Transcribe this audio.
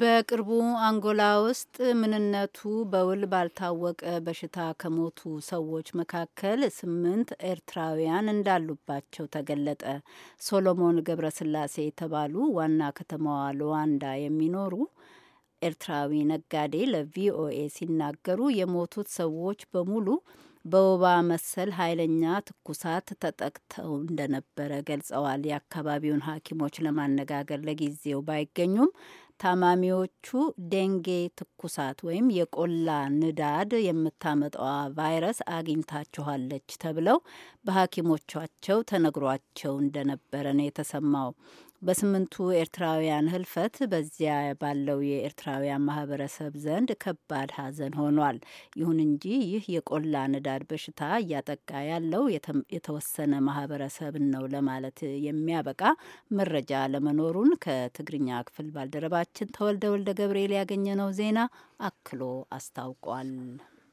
በቅርቡ አንጎላ ውስጥ ምንነቱ በውል ባልታወቀ በሽታ ከሞቱ ሰዎች መካከል ስምንት ኤርትራውያን እንዳሉባቸው ተገለጠ። ሶሎሞን ገብረስላሴ የተባሉ ዋና ከተማዋ ሉዋንዳ የሚኖሩ ኤርትራዊ ነጋዴ ለቪኦኤ ሲናገሩ የሞቱት ሰዎች በሙሉ በወባ መሰል ኃይለኛ ትኩሳት ተጠቅተው እንደነበረ ገልጸዋል። የአካባቢውን ሐኪሞች ለማነጋገር ለጊዜው ባይገኙም ታማሚዎቹ ዴንጌ ትኩሳት ወይም የቆላ ንዳድ የምታመጣዋ ቫይረስ አግኝታችኋለች ተብለው በሐኪሞቻቸው ተነግሯቸው እንደነበረ ነው የተሰማው። በስምንቱ ኤርትራውያን ህልፈት በዚያ ባለው የኤርትራውያን ማህበረሰብ ዘንድ ከባድ ሐዘን ሆኗል። ይሁን እንጂ ይህ የቆላ ንዳድ በሽታ እያጠቃ ያለው የተወሰነ ማህበረሰብን ነው ለማለት የሚያበቃ መረጃ ለመኖሩን ከትግርኛ ክፍል ባልደረባቸው ባልደረባችን ተወልደ ወልደ ገብርኤል ያገኘነው ዜና አክሎ አስታውቋል።